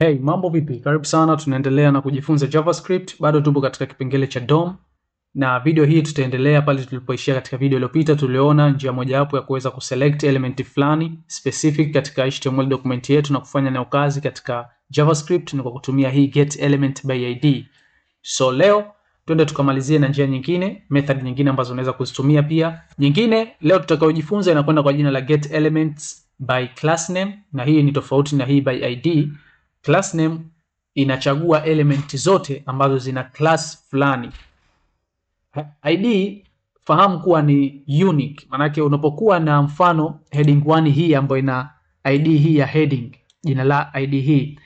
Hey, mambo vipi? Karibu sana, tunaendelea na kujifunza JavaScript. Bado tupo katika kipengele cha DOM na video hii tutaendelea pale tulipoishia katika video iliyopita. Tuliona njia mojawapo ya kuweza kuselect element fulani specific katika HTML document yetu na kufanya nayo kazi katika JavaScript ni kwa kutumia hii get element by id. So leo twende tukamalizie na njia nyingine, method nyingine ambazo unaweza kuzitumia pia. Nyingine leo tutakayojifunza inakwenda kwa jina la get elements by class name, na hii ni tofauti na hii by id Class name inachagua elementi zote ambazo zina class fulani. ID fahamu kuwa ni unique, maanake unapokuwa na mfano heading 1 hii ambayo ina ID hii ya heading, jina la ID hii,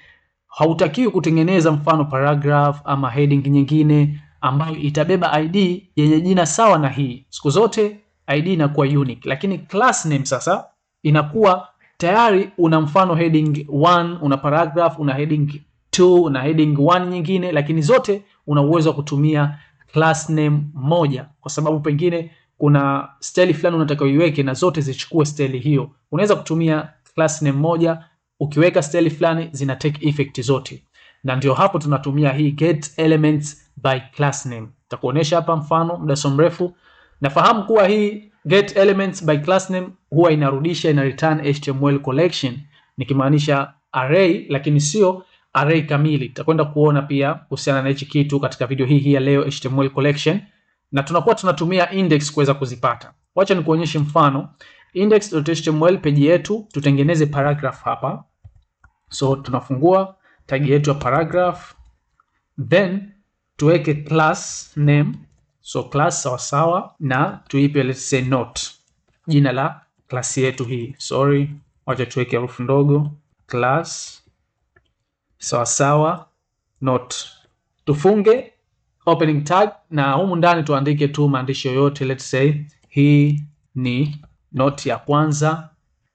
hautakiwi kutengeneza mfano paragraph ama heading nyingine ambayo itabeba ID yenye jina sawa na hii. Siku zote ID inakuwa unique, lakini class name sasa inakuwa tayari una mfano heading 1, una paragraph, una heading 2, una heading 1 nyingine, lakini zote una uwezo wa kutumia class name moja, kwa sababu pengine kuna style fulani unataka uiweke na zote zichukue style hiyo. Unaweza kutumia class name moja, ukiweka style fulani zina take effect zote, na ndio hapo tunatumia hii get elements by class name. Nitakuonesha hapa mfano, muda si mrefu. Nafahamu kuwa hii get elements by class name huwa inarudisha ina return HTML collection, nikimaanisha array, lakini sio array kamili. Tutakwenda kuona pia kuhusiana na hichi kitu katika video hii hii ya leo, HTML collection, na tunakuwa tunatumia index kuweza kuzipata. Wacha nikuonyeshe mfano index.html page yetu, tutengeneze paragraph hapa. So tunafungua tag yetu ya paragraph, then tuweke class name So class sawasawa na tuipe let's say note, jina la klasi yetu hii. Sorry, wacha tuweke herufi ndogo class sawasawa note, tufunge opening tag na humu ndani tuandike tu maandishi yoyote, let's say hii ni note ya kwanza,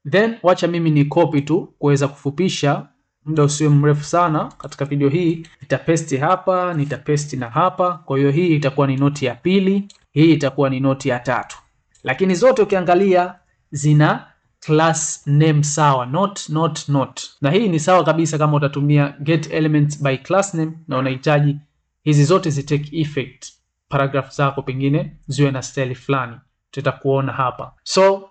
then wacha mimi ni copy tu kuweza kufupisha muda usio mrefu sana katika video hii nitapesti hapa, nitapesti na hapa. Kwa hiyo hii itakuwa ni noti ya pili, hii itakuwa ni noti ya tatu, lakini zote ukiangalia zina class name sawa, not not not, na hii ni sawa kabisa kama utatumia get elements by class name na unahitaji hizi zote zi take effect paragraph zako, pengine ziwe na style fulani, tutakuona hapa so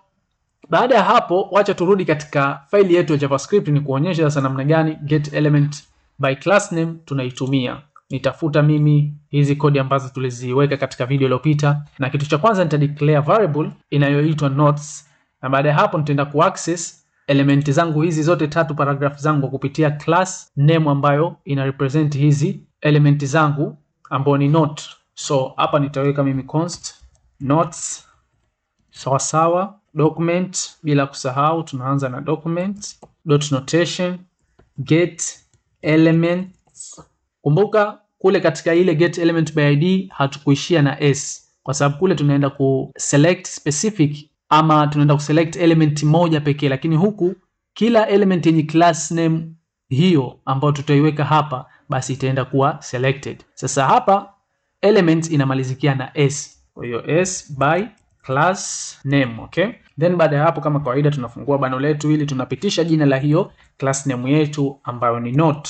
baada ya hapo, wacha turudi katika faili yetu ya JavaScript ni kuonyesha sasa namna gani get element by class name tunaitumia. Nitafuta mimi hizi kodi ambazo tuliziweka katika video iliyopita, na kitu cha kwanza nita declare variable inayoitwa notes, na baada ya hapo nitaenda ku access elementi zangu hizi zote tatu, paragraph zangu kupitia class name ambayo ina represent hizi elementi zangu ambao ni note. So hapa nitaweka mimi const notes sawa sawa document. Bila kusahau tunaanza na document dot notation get elements. Kumbuka kule katika ile get element by id hatukuishia na s, kwa sababu kule tunaenda ku select specific ama tunaenda ku select element moja pekee, lakini huku kila element yenye class name hiyo ambayo tutaiweka hapa basi itaenda kuwa selected. Sasa hapa element inamalizikia na s, kwa hiyo s by class name, okay? Then baada ya hapo, kama kawaida, tunafungua bano letu ili tunapitisha jina la hiyo class name yetu ambayo ni not.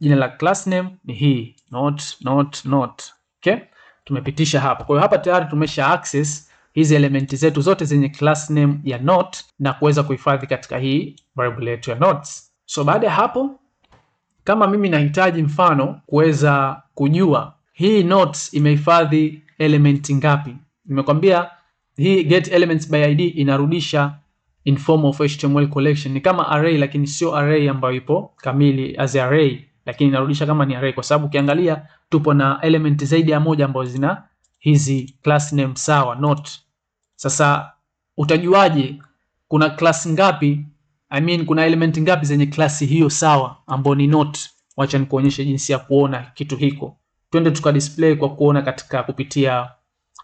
Jina la class name ni hii not, not, not. Okay? Tumepitisha hapo. Kwa hiyo hapa tayari tumesha access hizi elementi zetu zote zenye class name ya not na kuweza kuhifadhi katika hii variable yetu ya notes. So baada ya hapo, kama mimi nahitaji mfano kuweza kujua hii notes imehifadhi elementi ngapi, nimekwambia hii get elements by id inarudisha in form of HTML collection. Ni kama array lakini sio array ambayo ipo kamili as array, lakini inarudisha kama ni array, kwa sababu ukiangalia tupo na element zaidi ya moja ambazo zina hizi class name sawa not. Sasa utajuaje kuna class ngapi, I mean kuna element ngapi zenye class hiyo sawa ambayo ni not? Wacha nikuonyeshe jinsi ya kuona kitu hiko, twende tuka display kwa kuona katika kupitia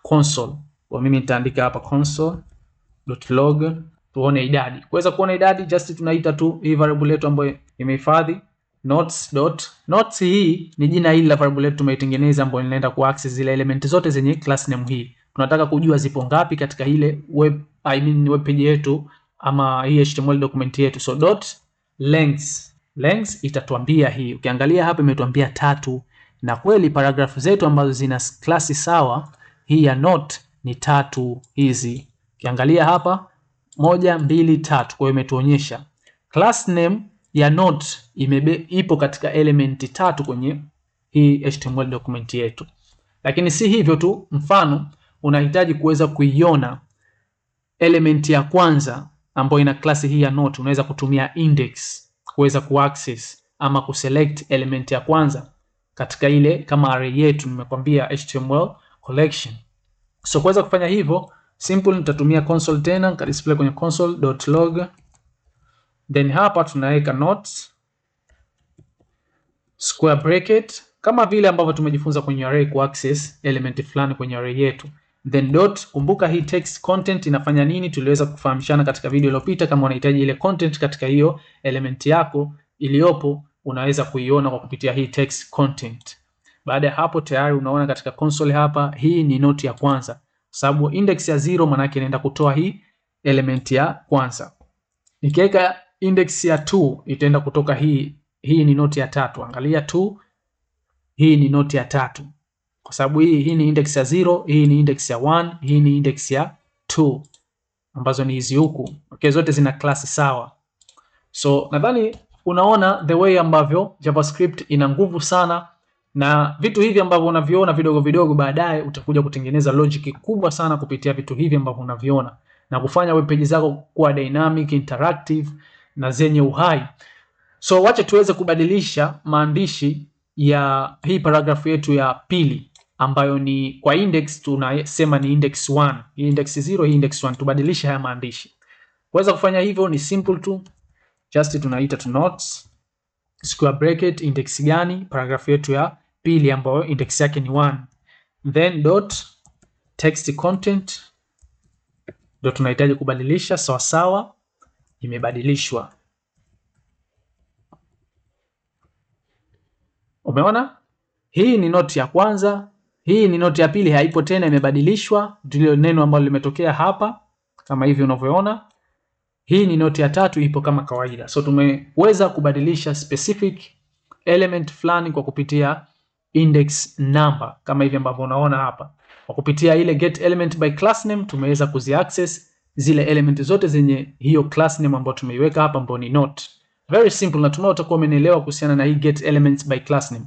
console. Kwa mimi nitaandika hapa console.log tuone idadi. Kuweza kuona idadi just tunaita tu hii variable yetu ambayo imehifadhi notes dot notes. Hii ni jina hili la variable yetu tumeitengeneza, ambayo inaenda ku access zile element zote zenye class name hii. Tunataka kujua zipo ngapi katika ile web I mean web page yetu ama hii HTML document yetu. So dot length length itatuambia hii. Ukiangalia hapa imetuambia tatu, na kweli paragraph zetu ambazo zina klasi sawa hii ya note ni tatu hizi. Ukiangalia hapa moja, mbili, tatu. Kwa hiyo imetuonyesha class name ya note imebe, ipo katika elementi tatu kwenye hii HTML document yetu. Lakini si hivyo tu, mfano unahitaji kuweza kuiona element ya kwanza ambayo ina klasi hii ya note, unaweza kutumia index kuweza kuaccess ama kuselect element ya kwanza katika ile kama array yetu, nimekwambia HTML collection. So kuweza kufanya hivyo, simple nitatumia console tena, nika display kwenye console.log, then hapa tunaweka notes square bracket kama vile ambavyo tumejifunza kwenye array ku access element fulani kwenye array yetu, then dot. Kumbuka hii text content inafanya nini, tuliweza kufahamishana katika video iliyopita. Kama unahitaji ile content katika hiyo element yako iliyopo, unaweza kuiona kwa kupitia hii text content. Baada ya hapo tayari unaona katika console hapa, hii ni noti ya kwanza, sababu index ya zero maana yake inaenda kutoa hii element ya kwanza. Nikiweka index ya 2 itaenda kutoka hii, hii ni noti ya tatu. Angalia 2, hii ni noti ya tatu kwa sababu hii hii ni index ya 0, hii ni index ya 1, hii ni index ya 2 ambazo ni hizi huku. Okay, zote zina class sawa. So nadhani unaona the way ambavyo JavaScript ina nguvu sana na vitu hivi ambavyo unaviona vidogo vidogo, baadaye utakuja kutengeneza logic kubwa sana kupitia vitu hivi ambavyo unaviona na kufanya web page zako kuwa dynamic, interactive na zenye uhai. So wacha tuweze kubadilisha maandishi ya hii paragrafu yetu ya pili ambayo ni kwa index tunasema ni index 1, hii index 0, hii index 1. tubadilisha haya maandishi. Kuweza kufanya hivyo ni simple tu, just tunaita to notes square bracket index gani? Paragrafu yetu ya pili ambayo index yake ni 1, then dot text content ndio tunahitaji kubadilisha. Sawa sawa, imebadilishwa. Umeona, hii ni noti ya kwanza, hii ni noti ya pili, haipo tena, imebadilishwa. ndio neno ambalo limetokea hapa kama hivi unavyoona. Hii ni noti ya tatu ipo kama kawaida. So tumeweza kubadilisha specific element fulani kwa kupitia index number kama hivi ambavyo unaona hapa. Kwa kupitia ile get element by class name tumeweza kuzi access zile element zote zenye hiyo class name ambayo tumeiweka hapa ambayo ni note. Very simple, natumai utakuwa umeelewa kuhusiana na hii get elements by class name.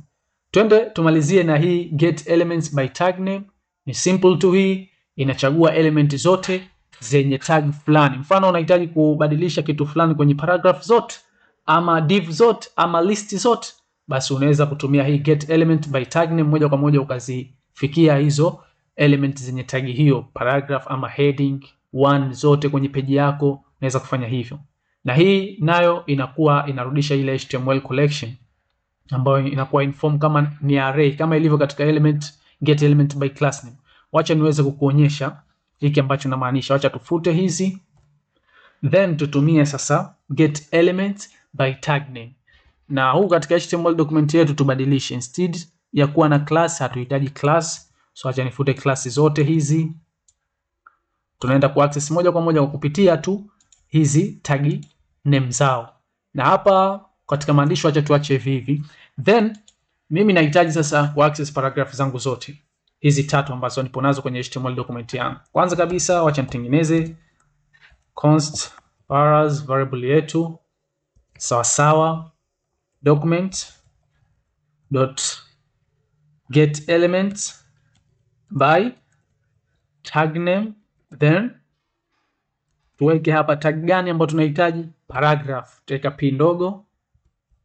Twende tumalizie na hii get elements by tag name. Ni simple tu hii, inachagua element zote zenye tag fulani. Mfano, unahitaji kubadilisha kitu fulani kwenye paragraph zote ama div zote ama list zote, basi unaweza kutumia hii get element by tag name moja kwa moja ukazifikia hizo element zenye tag hiyo, paragraph ama heading one zote kwenye peji yako, unaweza kufanya hivyo, na hii nayo inakuwa inarudisha ile HTML collection ambayo inakuwa inform kama ni array kama ilivyo katika element get element by class name. Wacha niweze kukuonyesha hiki ambacho inamaanisha, wacha tufute hizi, then tutumie sasa get element by tag name. Na huku katika HTML document yetu tubadilishe, instead ya kuwa na class hatuhitaji class, so acha nifute class zote hizi. Tunaenda ku access moja kwa moja kwa kupitia tu hizi tag name zao, na hapa katika maandishi acha tuache hivi hivi, then mimi nahitaji sasa ku access paragraph zangu zote hizi tatu ambazo nipo nazo kwenye HTML document yangu. Kwanza kabisa wacha nitengeneze const paras variable yetu sawasawa document dot get element by tag name then tuweke hapa tag gani ambayo tunahitaji? Paragraph. tuweka p ndogo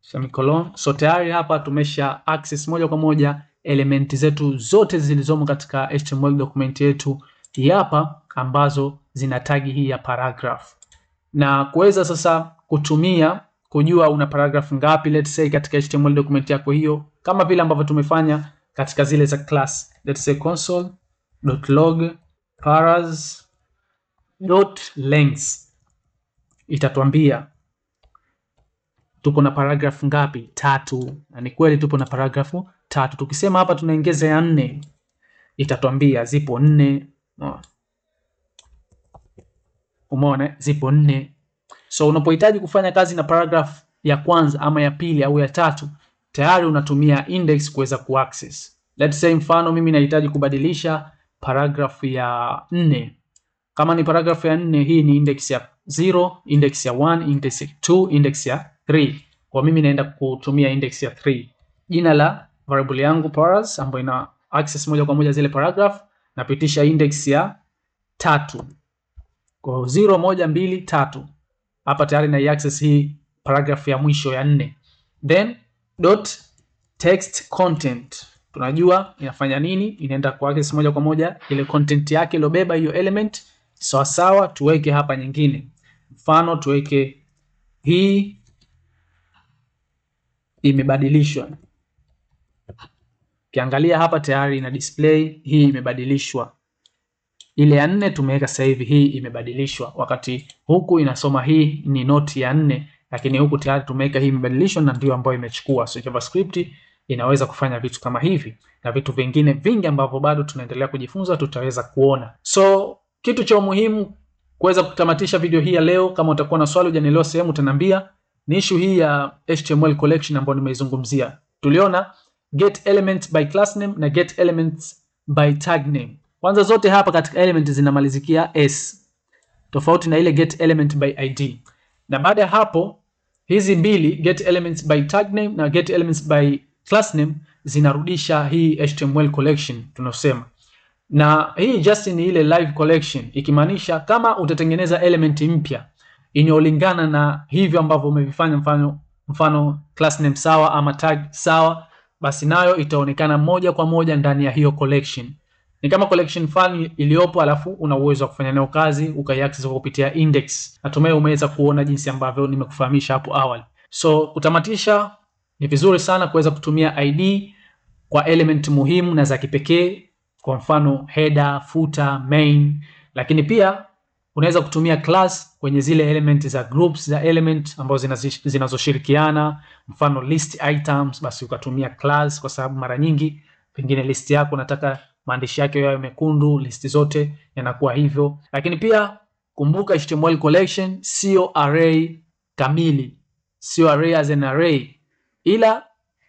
semicolon. So tayari hapa tumesha access moja kwa moja elementi zetu zote zilizomo katika HTML document yetu hapa, ambazo zina tagi hii ya paragraph, na kuweza sasa kutumia kujua una paragraph ngapi, let's say katika HTML document yako hiyo, kama vile ambavyo tumefanya katika zile za class, let's say console.log lengths itatuambia tupo na paragraph ngapi? Tatu, na ni kweli tupo na paragraph tatu. Tukisema hapa tunaongeza ya nne, itatwambia zipo nne. Umeona, zipo nne. So unapohitaji kufanya kazi na paragraph ya kwanza ama ya pili au ya tatu, tayari unatumia index kuweza kuaccess. Let's say mfano mimi nahitaji kubadilisha paragraph ya nne. Kama ni paragraph ya nne, hii ni index ya 0, index ya 1, index ya 2, index ya 3. Kwa mimi naenda kutumia index ya 3. Jina la variable yangu paras ambayo ina access moja kwa moja zile paragraph, napitisha index ya tatu. Kwa 0 1 tatu. Hapa tayari na access hii paragraph ya mwisho ya nne. Then dot text content tunajua inafanya nini, inaenda kwa access moja kwa moja ile content yake ilobeba hiyo element sawa sawa. Tuweke hapa nyingine, mfano tuweke hii imebadilishwa Ukiangalia hapa tayari ina display hii imebadilishwa. Ile ya nne tumeweka sasa hivi hii imebadilishwa, wakati huku inasoma hii ni noti ya nne, lakini huku tayari tumeweka hii imebadilishwa na ndio ambayo imechukua. So JavaScript inaweza kufanya vitu kama hivi na vitu vingine vingi ambavyo bado tunaendelea kujifunza tutaweza kuona. So kitu cha muhimu kuweza kutamatisha video hii ya leo, kama utakuwa na swali hujanielewa sehemu utaniambia, ni issue hii ya HTML collection ambayo nimeizungumzia. Tuliona get element by class name na get elements by tag name. Kwanza zote hapa katika element zinamalizikia s, tofauti na ile get element by id. Na baada ya hapo hizi mbili get elements by tag name na get elements by class name zinarudisha hii HTML collection tunasema, na hii just ni ile live collection, ikimaanisha kama utatengeneza element mpya inayolingana na hivyo ambavyo umevifanya, mfano mfano class name sawa ama tag sawa basi nayo itaonekana moja kwa moja ndani ya hiyo collection. Ni kama collection fulani iliyopo, alafu una uwezo wa kufanya nayo kazi ukaiaccess kwa kupitia index. Natumai umeweza kuona jinsi ambavyo nimekufahamisha hapo awali. So kutamatisha, ni vizuri sana kuweza kutumia ID kwa element muhimu na za kipekee, kwa mfano header, footer, main, lakini pia unaweza kutumia class kwenye zile element za groups za element ambazo zinazoshirikiana, mfano list items, basi ukatumia class, kwa sababu mara nyingi pengine list yako unataka maandishi yake yawe mekundu, list zote yanakuwa hivyo. Lakini pia kumbuka, HTML collection sio array kamili, sio array as an array, ila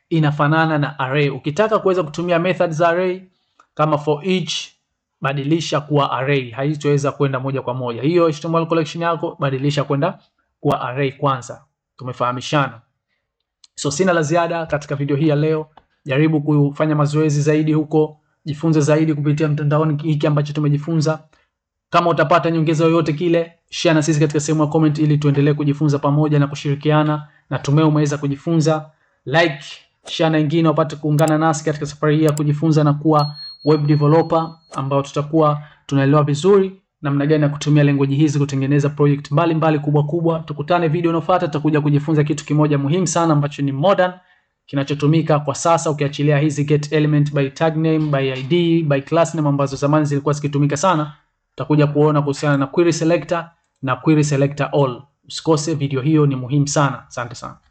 inafanana na array. Ukitaka kuweza kutumia methods za array kama for each badilisha kuwa array, haitoweza kwenda moja kwa moja. Hiyo HTML collection yako badilisha kwenda kuwa array kwanza. Tumefahamishana. So sina la ziada katika video hii ya leo. Jaribu kufanya mazoezi zaidi huko, jifunze zaidi kupitia mtandaoni hiki ambacho tumejifunza. Kama utapata nyongeza yoyote kile, share na sisi katika sehemu ya comment ili tuendelee kujifunza pamoja na kushirikiana. na tumeo umeweza kujifunza. Like, share na wengine wapate kuungana nasi katika safari hii ya kujifunza na kuwa web developer ambao tutakuwa tunaelewa vizuri namna gani ya kutumia language hizi kutengeneza project mbalimbali mbali kubwa kubwa. Tukutane video inayofuata, tutakuja kujifunza kitu kimoja muhimu sana ambacho ni modern kinachotumika kwa sasa ukiachilia hizi get element by tag name, by id, by class name ambazo zamani zilikuwa zikitumika sana. Tutakuja kuona kuhusiana na query selector na query selector all. Usikose video hiyo, ni muhimu sana. Asante sana.